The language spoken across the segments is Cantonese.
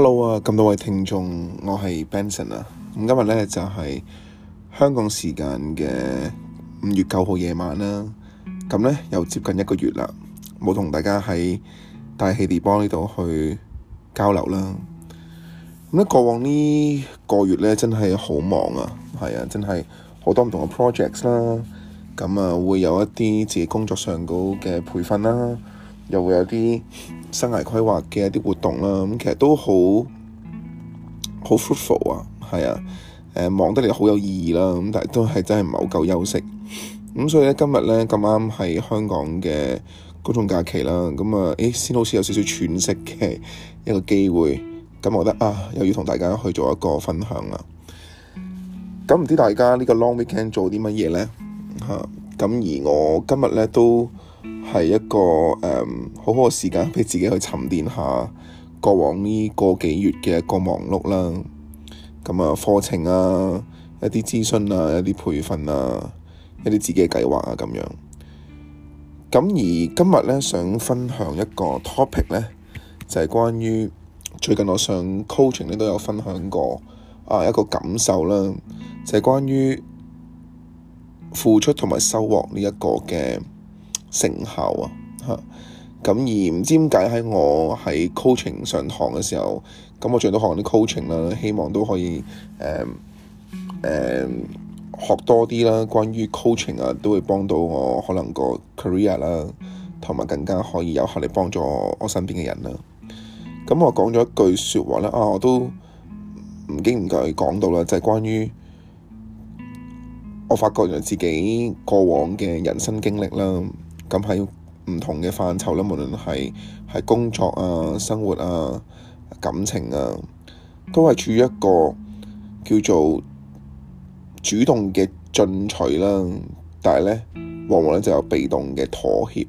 Hello 啊，咁多位聽眾，我係 Benson 啊。咁今日咧就係、是、香港時間嘅五月九號夜晚啦。咁咧又接近一個月啦，冇同大家喺大氣電波呢度去交流啦。咁咧過往呢個月咧真係好忙啊，係啊，真係好多唔同嘅 projects 啦。咁啊會有一啲自己工作上嘅培訓啦。又會有啲生涯規劃嘅一啲活動啦，咁其實都好好 fruitful 啊，係啊，誒，忙得嚟好有意義啦，咁但係都係真係唔係好夠休息，咁所以咧今日咧咁啱係香港嘅高中假期啦，咁啊，誒、欸，先好似有少少喘息嘅一個機會，咁我覺得啊，又要同大家去做一個分享啦，咁唔知大家呢個 long weekend 做啲乜嘢咧？嚇，咁而我今日咧都。係一個誒、um, 好好嘅時間俾自己去沉澱下過往呢個幾月嘅一個忙碌啦，咁啊課程啊，一啲諮詢啊，一啲培訓啊，一啲自己嘅計劃啊咁樣。咁而今日咧想分享一個 topic 咧，就係、是、關於最近我上 coaching 咧都有分享過啊一個感受啦，就係、是、關於付出同埋收穫呢一個嘅。成效啊嚇，咁而唔知點解喺我喺 coaching 上堂嘅時候，咁我最多學啲 coaching 啦，希望都可以誒誒、嗯嗯、學多啲啦，關於 coaching 啊，都會幫到我可能個 career 啦，同埋更加可以有效嚟幫助我身邊嘅人啦。咁我講咗一句説話咧，啊我都唔經唔覺講到啦，就係、是、關於我發覺原來自己過往嘅人生經歷啦。咁喺唔同嘅範疇咧，無論係係工作啊、生活啊、感情啊，都係處於一個叫做主動嘅進取啦。但係咧，往往咧就有被動嘅妥協。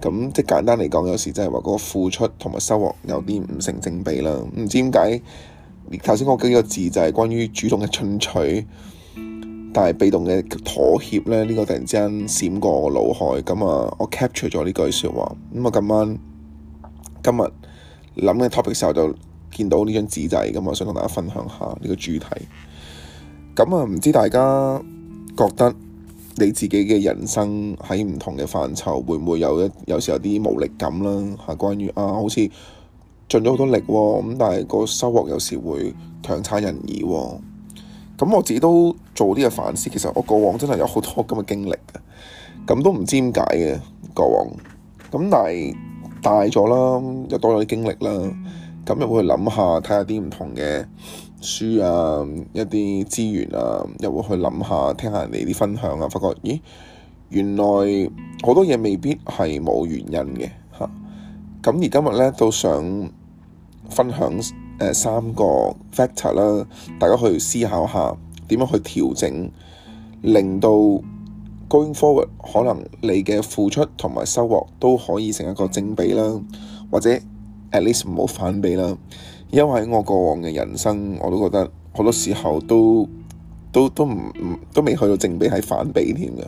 咁即係簡單嚟講，有時就係話嗰個付出同埋收穫有啲唔成正比啦。唔知點解，頭先我舉個字就係關於主動嘅進取。但係被動嘅妥協咧，呢個突然之間閃過我腦海，咁啊，我 capture 咗呢句説話。咁啊，今晚今日諗緊 topic 時候就見到呢張紙仔，咁我想同大家分享下呢個主題。咁啊，唔知大家覺得你自己嘅人生喺唔同嘅範疇會唔會有一有時有啲無力感啦？嚇，關於啊，好似盡咗好多力咁喎，但係個收穫有時會強差人意喎。咁我自己都做啲嘅反思，其實我過往真係有好多咁嘅經歷嘅，咁都唔知點解嘅過往。咁但係大咗啦，又多咗啲經歷啦，咁又會去諗下，睇下啲唔同嘅書啊，一啲資源啊，又會去諗下，聽下人哋啲分享啊，發覺咦，原來好多嘢未必係冇原因嘅嚇。咁而今日呢都想分享。呃、三個 factor 啦，大家去思考下點樣去調整，令到 going forward 可能你嘅付出同埋收穫都可以成一個正比啦，或者 at least 唔好反比啦。因為我過往嘅人生，我都覺得好多時候都都都唔都未去到正比，係反比添嘅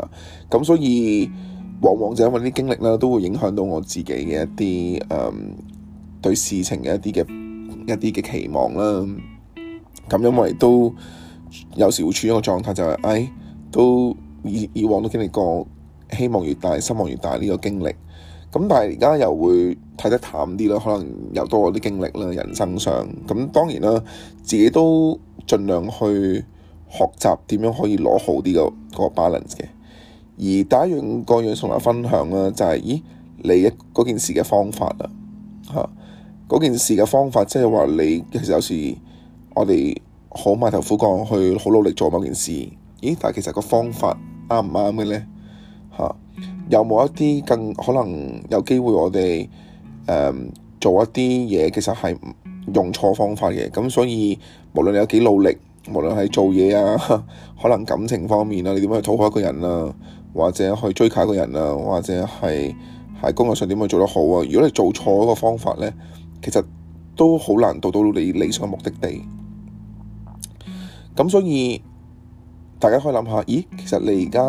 啊。咁所以往往就因為啲經歷啦，都會影響到我自己嘅一啲、嗯、對事情嘅一啲嘅。一啲嘅期望啦，咁因為都有時會處於一個狀態就係，唉，都以以往都經歷過希望越大失望越大呢個經歷，咁但係而家又會睇得淡啲啦，可能又多咗啲經歷啦，人生上，咁當然啦，自己都盡量去學習點樣可以攞好啲個個 balance 嘅，而第一樣個樣想分享啦，就係，咦，你嗰件事嘅方法啦，吓。嗰件事嘅方法，即係話你其實有時我哋好埋頭苦幹，去好努力做某件事。咦？但係其實個方法啱唔啱嘅咧？嚇、啊，有冇一啲更可能有機會我哋誒、嗯、做一啲嘢，其實係用錯方法嘅？咁所以無論你有幾努力，無論係做嘢啊，可能感情方面啊，你點樣去討好一個人啊，或者去追契一個人啊，或者係喺工作上點樣做得好啊？如果你做錯咗個方法咧～其實都好難到到你理想嘅目的地，咁所以大家可以諗下，咦，其實你而家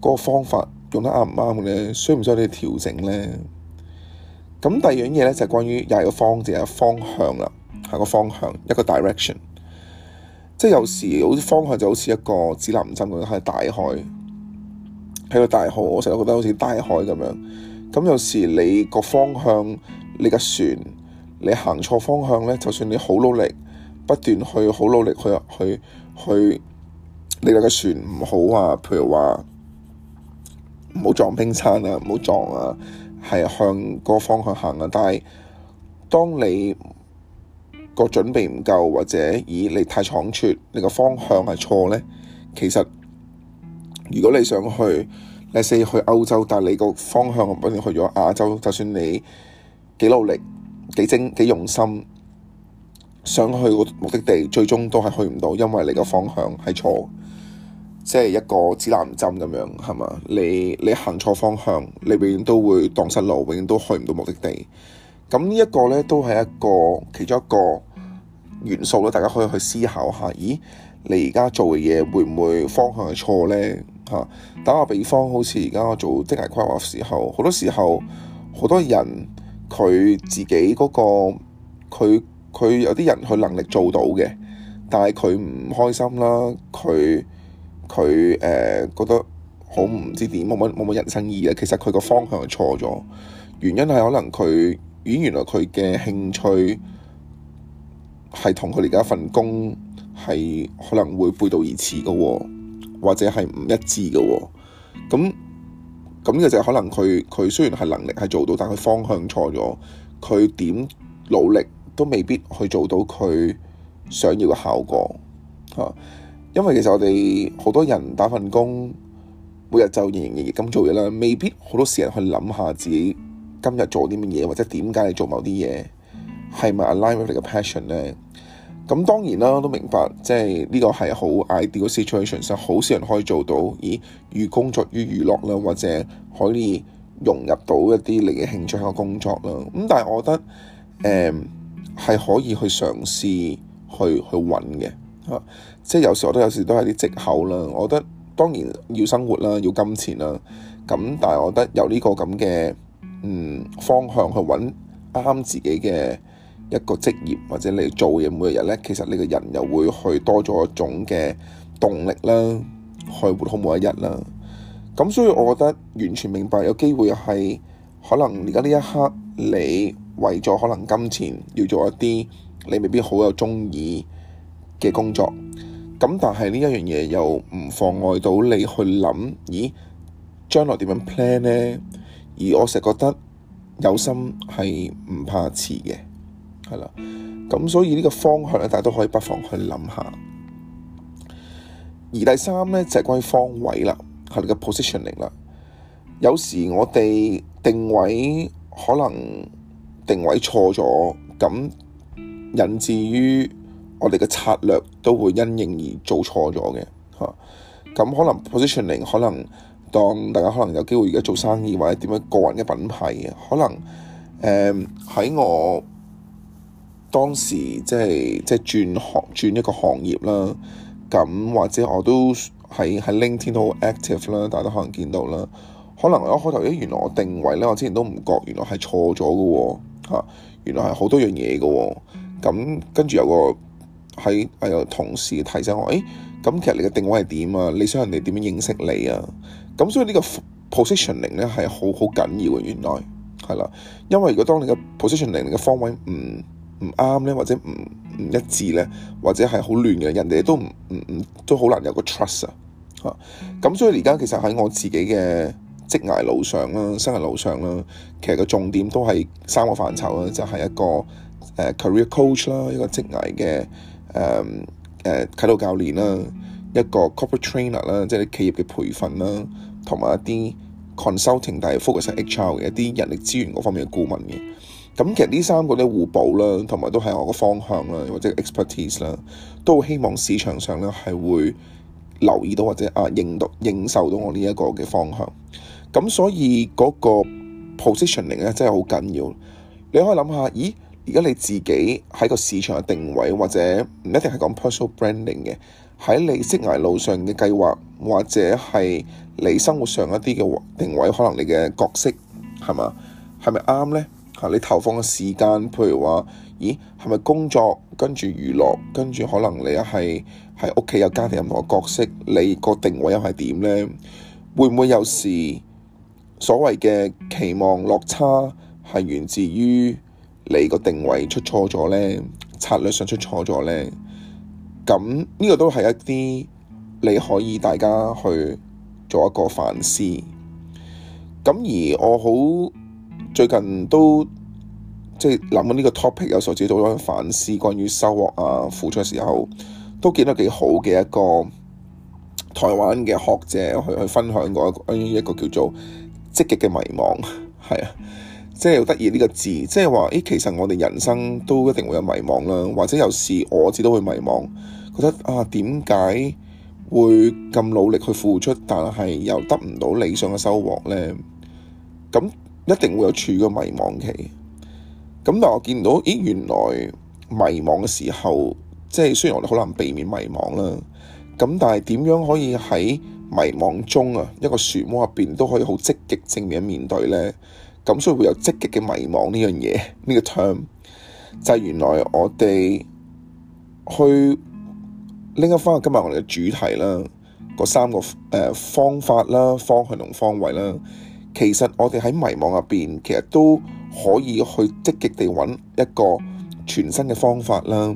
嗰個方法用得啱唔啱嘅咧？需唔需要你調整咧？咁第二樣嘢咧，就係、是、關於又係個方字，又係個方向啦，係、就是、個方向，一個，方向一個 direction，即係有時好似方向就好似一個指南針咁樣喺大海喺個大海，我成日覺得好似大海咁樣。咁有時你個方向。你架船你行錯方向咧，就算你好努力，不斷去好努力去去去，你嘅船唔好啊。譬如話唔好撞冰山啊，唔好撞啊。係向嗰個方向行啊。但係當你個準備唔夠，或者以你太倉促，你個方向係錯咧。其實如果你想去，你係去歐洲，但係你個方向唔好去咗亞洲，就算你，幾努力，幾精，幾用心，想去個目的地，最終都係去唔到，因為你個方向係錯，即係一個指南針咁樣，係嘛？你你行錯方向，你永遠都會蕩失路，永遠都去唔到目的地。咁呢一個呢，都係一個其中一個元素咯。大家可以去思考下，咦，你而家做嘅嘢會唔會方向係錯呢？吓、啊，打個比方，好似而家我做職涯規劃嘅時候，好多時候好多人。佢自己嗰個，佢佢有啲人佢能力做到嘅，但係佢唔開心啦，佢佢誒覺得好唔知點，冇冇冇乜人生意義嘅。其實佢個方向係錯咗，原因係可能佢咦？原來佢嘅興趣係同佢而家份工係可能會背道而馳嘅喎，或者係唔一致嘅喎，咁。咁呢個就可能佢佢雖然係能力係做到，但佢方向錯咗，佢點努力都未必去做到佢想要嘅效果嚇、啊。因為其實我哋好多人打份工，每日就營營役役咁做嘢啦，未必好多時間去諗下自己今日做啲乜嘢，或者點解你做某啲嘢係咪 align with 你嘅 passion 咧？咁當然啦，都明白，即係呢、這個係好 ideal situation，實好少人可以做到。而與工作於娛樂啦，或者可以融入到一啲你嘅興趣嘅工作啦。咁但係我覺得，誒、嗯、係可以去嘗試去去揾嘅。即係有時我都有時都係啲藉口啦。我覺得當然要生活啦，要金錢啦。咁但係我覺得有呢個咁嘅嗯方向去揾啱自己嘅一個職業或者你做嘅嘢，每日呢，其實你個人又會去多咗一種嘅動力啦，去活好每一日啦。咁所以，我覺得完全明白有機會係可能而家呢一刻，你為咗可能金錢要做一啲你未必好有鍾意嘅工作，咁但係呢一樣嘢又唔妨礙到你去諗，咦，將來點樣 plan 呢？而我成日覺得有心係唔怕遲嘅。係啦，咁所以呢個方向咧，大家都可以不妨去諗下。而第三咧就係、是、關於方位啦，係你嘅 positioning 啦。有時我哋定位可能定位錯咗，咁引致於我哋嘅策略都會因應而做錯咗嘅。吓，咁可能 positioning 可能當大家可能有機會而家做生意或者點樣個人嘅品牌嘅，可能誒喺、嗯、我。當時即係即係轉行轉一個行業啦。咁或者我都喺喺 LinkedIn 好 active 啦，大家都可能見到啦。可能我一開頭，咦，原來我定位咧，我之前都唔覺原、啊，原來係錯咗嘅喎。原來係好多樣嘢嘅喎。咁跟住有個喺誒同事提醒我，誒、欸、咁其實你嘅定位係點啊？你想人哋點樣認識你啊？咁所以呢個 positioning 咧係好好緊要嘅。原來係啦，因為如果當你嘅 positioning 嘅方位唔、嗯唔啱咧，或者唔唔一致咧，或者係好亂嘅，人哋都唔唔唔都好難有個 trust 啊嚇。咁所以而家其實喺我自己嘅職涯路上啦、生涯路上啦，其實個重點都係三個範疇啦，就係、是、一個誒 career coach 啦、呃，一個職涯嘅誒誒啟導教練啦，一個 corporate trainer 啦，即係企業嘅培訓啦，同埋一啲 consulting，但係 focus 喺 HR 嘅一啲人力資源嗰方面嘅顧問嘅。咁其實呢三個咧互補啦，同埋都係我個方向啦，或者 expertise 啦，都希望市場上咧係會留意到或者啊認到認受到我呢一個嘅方向。咁所以嗰個 positioning 咧真係好緊要。你可以諗下，咦？而家你自己喺個市場嘅定位，或者唔一定係講 personal branding 嘅喺你職涯路上嘅計劃，或者係你生活上一啲嘅定位，可能你嘅角色係嘛係咪啱呢？你投放嘅時間，譬如話，咦，係咪工作跟住娛樂，跟住可能你一係喺屋企有家庭任何角色，你個定位又係點呢？會唔會有時所謂嘅期望落差係源自於你個定位出錯咗呢？策略上出錯咗呢？咁呢個都係一啲你可以大家去做一個反思。咁而我好。最近都即係諗緊呢個 topic，有時候自己做咗反思，關於收穫啊、付出嘅時候，都見到幾好嘅一個台灣嘅學者去去分享過關於一個叫做積極嘅迷茫，係啊，即係好得意呢個字，即係話誒其實我哋人生都一定會有迷茫啦，或者有時我自己都會迷茫，覺得啊點解會咁努力去付出，但係又得唔到理想嘅收穫咧？咁。一定會有處嘅迷茫期，咁但我見到，咦，原來迷茫嘅時候，即係雖然我哋好難避免迷茫啦，咁但係點樣可以喺迷茫中啊一個漩渦入邊都可以好積極正面咁面對呢？咁所以會有積極嘅迷茫呢樣嘢呢個、這個、term，就係原來我哋去拎一翻今日我哋嘅主題啦，嗰三個誒方法啦、方向同方位啦。其實我哋喺迷茫入邊，其實都可以去積極地揾一個全新嘅方法啦，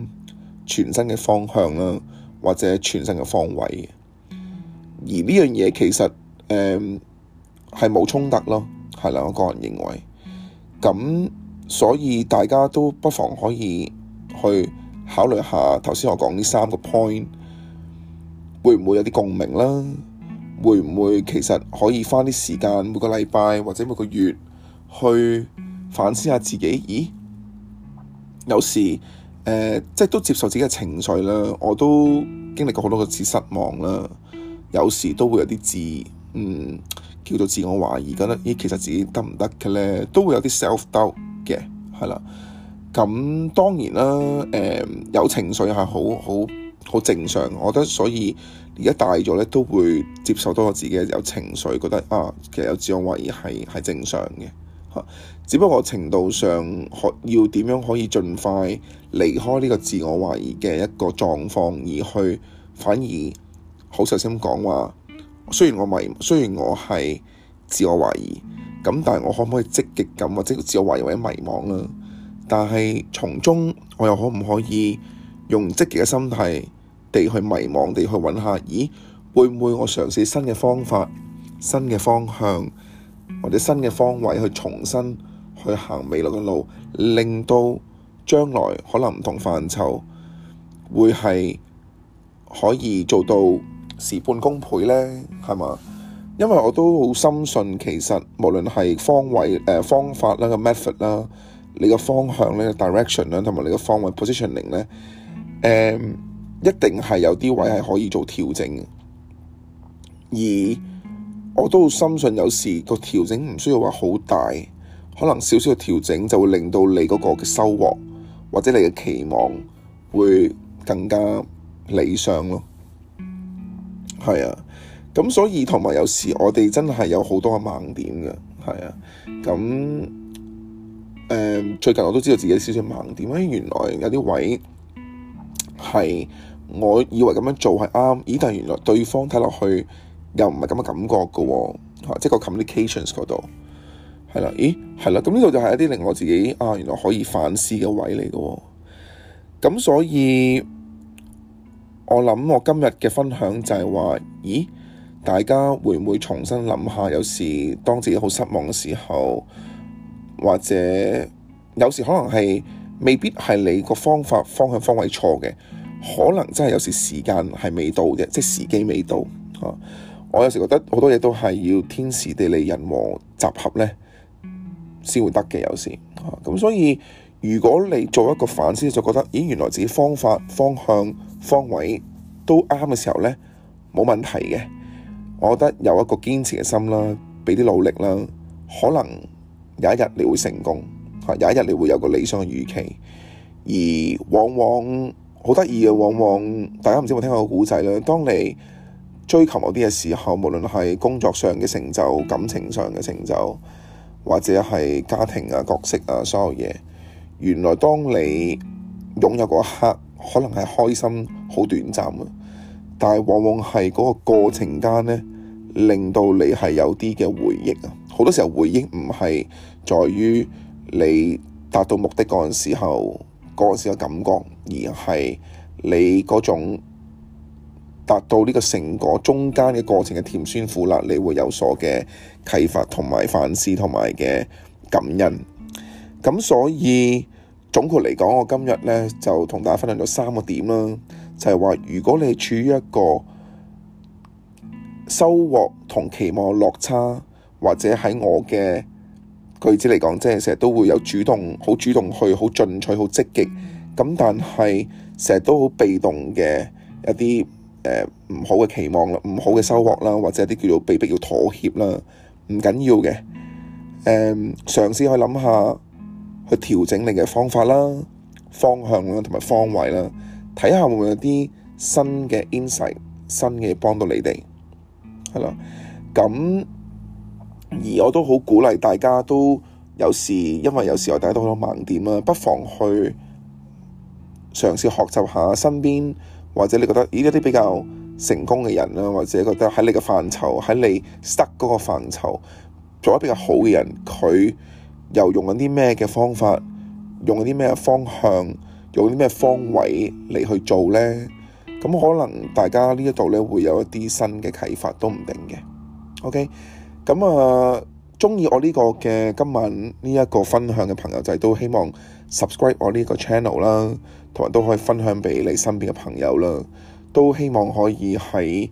全新嘅方向啦，或者全新嘅方位。而呢樣嘢其實誒係冇衝突咯，係啦，我個人認為。咁所以大家都不妨可以去考慮下，頭先我講呢三個 point，會唔會有啲共鳴啦？會唔會其實可以花啲時間每個禮拜或者每個月去反思下自己？咦，有時誒、呃、即係都接受自己嘅情緒啦。我都經歷過好多次失望啦，有時都會有啲自嗯，叫做自我懷疑，覺得咦，其實自己得唔得嘅咧？都會有啲 self doubt 嘅，係啦。咁當然啦，誒、呃、有情緒係好好。好正常，我覺得，所以而家大咗咧，都會接受到我自己有情緒，覺得啊，其實有自我懷疑係係正常嘅吓。只不過程度上可要點樣可以盡快離開呢個自我懷疑嘅一個狀況，而去反而好細心講話，雖然我迷，雖然我係自我懷疑，咁但係我可唔可以積極咁，或者自我懷疑或者迷茫啊，但係從中我又可唔可以用積極嘅心態地去迷茫地去搵下，咦？會唔會我嘗試新嘅方法，新嘅方向或者新嘅方位去重新去行未來嘅路，令到將來可能唔同範疇會係可以做到事半功倍咧？係嘛？因為我都好深信，其實無論係方位，誒、呃、方法啦、個 method 啦，你個方向咧，direction 啦，同埋你個方位 positioning 咧，嗯、誒。一定係有啲位係可以做調整嘅，而我都深信有時個調整唔需要話好大，可能少少嘅調整就會令到你嗰個嘅收穫或者你嘅期望會更加理想咯。係啊，咁所以同埋有時我哋真係有好多嘅盲點嘅，係啊，咁誒、嗯、最近我都知道自己少少盲點，因為原來有啲位係。我以為咁樣做係啱，咦？但係原來對方睇落去又唔係咁嘅感覺嘅喎，嚇，即係個 communications 嗰度係啦。咦，係啦，咁呢度就係一啲令我自己啊，原來可以反思嘅位嚟嘅，哦。咁所以我諗我今日嘅分享就係話，咦？大家會唔會重新諗下？有時當自己好失望嘅時候，或者有時可能係未必係你個方法方向方位錯嘅。可能真係有時時間係未到嘅，即時機未到啊。我有時覺得好多嘢都係要天時地利人和集合呢先會得嘅。有時啊，咁所以如果你做一個反思，就覺得咦，原來自己方法、方向、方位都啱嘅時候呢，冇問題嘅。我覺得有一個堅持嘅心啦，俾啲努力啦，可能有一日你會成功啊，有一日你會有個理想嘅預期，而往往。好得意嘅，往往大家唔知有冇聽過故仔咧？當你追求某啲嘅時候，無論係工作上嘅成就、感情上嘅成就，或者係家庭啊、角色啊、所有嘢，原來當你擁有嗰一刻，可能係開心，好短暫啊。但係往往係嗰個過程間咧，令到你係有啲嘅回憶啊。好多時候回憶唔係在於你達到目的嗰陣時候。嗰時嘅感覺，而係你嗰種達到呢個成果中間嘅過程嘅甜酸苦辣，你會有所嘅啟發同埋反思同埋嘅感恩。咁所以總括嚟講，我今日呢就同大家分享咗三個點啦，就係話如果你處於一個收穫同期望落差，或者喺我嘅。句子嚟講，即係成日都會有主動，好主動去，好進取，好積極。咁但係成日都好被動嘅一啲誒唔好嘅期望啦，唔好嘅收穫啦，或者一啲叫做被逼要妥協啦，唔緊要嘅。誒、呃，嘗試去諗下，去調整你嘅方法啦、方向啦同埋方位啦，睇下會唔會有啲新嘅 insight、新嘅嘢幫到你哋，係啦。咁。而我都好鼓勵大家，都有時因為有時候大家都好多盲點啦，不妨去嘗試學習下身邊或者你覺得咦一啲比較成功嘅人啦，或者覺得喺你嘅範疇喺你失嗰個範疇做得比較好嘅人，佢又用緊啲咩嘅方法，用緊啲咩方向，用啲咩方位嚟去做呢？咁可能大家呢一度咧會有一啲新嘅啟發都唔定嘅。OK。咁啊，中意我呢個嘅今晚呢一個分享嘅朋友，就係、是、都希望 subscribe 我呢個 channel 啦，同埋都可以分享俾你身邊嘅朋友啦。都希望可以喺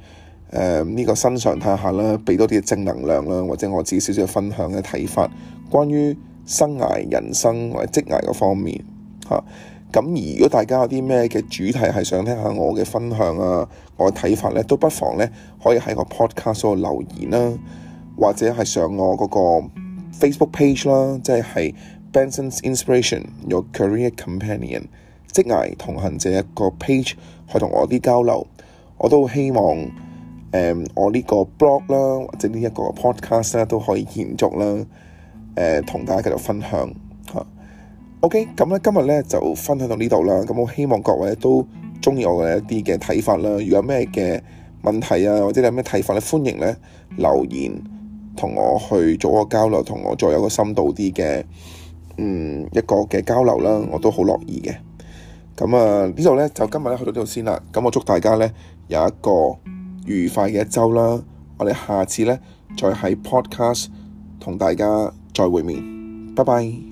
誒呢個身上睇下啦，俾多啲正能量啦，或者我自己少少分享嘅睇法，關於生涯、人生或者職涯嘅方面嚇。咁、啊、而如果大家有啲咩嘅主題係想聽下我嘅分享啊，我嘅睇法咧，都不妨咧可以喺個 podcast 度留言啦、啊。或者係上我嗰個 Facebook page 啦，即係 Benson's Inspiration Your Career Companion 職涯同行者一個 page 去同我啲交流。我都希望誒、嗯、我呢個 blog 啦，或者呢一個 podcast 咧都可以延續啦。誒、呃，同大家繼續分享嚇。OK，咁咧今日咧就分享到呢度啦。咁我希望各位都中意我嘅一啲嘅睇法啦。如果有咩嘅問題啊，或者有咩睇法咧，歡迎咧留言。同我去做一個交流，同我再有個深度啲嘅，嗯，一個嘅交流啦，我都好樂意嘅。咁啊，呢度咧就今日咧去到呢度先啦。咁我祝大家咧有一個愉快嘅一周啦。我哋下次咧再喺 podcast 同大家再會面。拜拜。